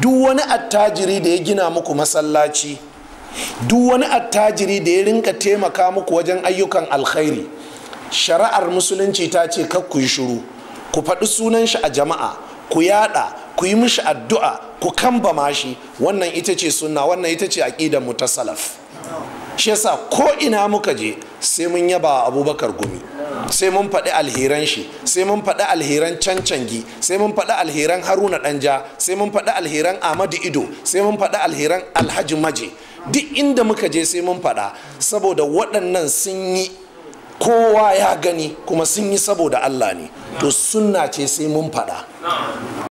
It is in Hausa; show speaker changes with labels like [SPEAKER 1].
[SPEAKER 1] duk wani attajiri da ya gina muku masallaci duk wani attajiri da ya rinka taimaka muku wajen ayyukan alkhairi shari'ar musulunci ta ce kar ku yi shiru ku faɗi sunan shi a jama'a ku yada ku yi mishi addu'a ku kambama mashi. wannan ita ce sunna wannan ita ce aƙidar mu ta salaf shi yasa ko ina muka je sai mun yaba abubakar gumi sai mun faɗi alheran shi sai mun faɗi alheran cancangi sai mun faɗi alheran haruna ɗanja sai mun faɗi alheran amadu ido sai mun faɗi alheran alhaji maje duk inda muka je sai mun faɗa saboda waɗannan sun yi kowa ya gani kuma sun yi saboda allah ne to sunna ce sai mun faɗa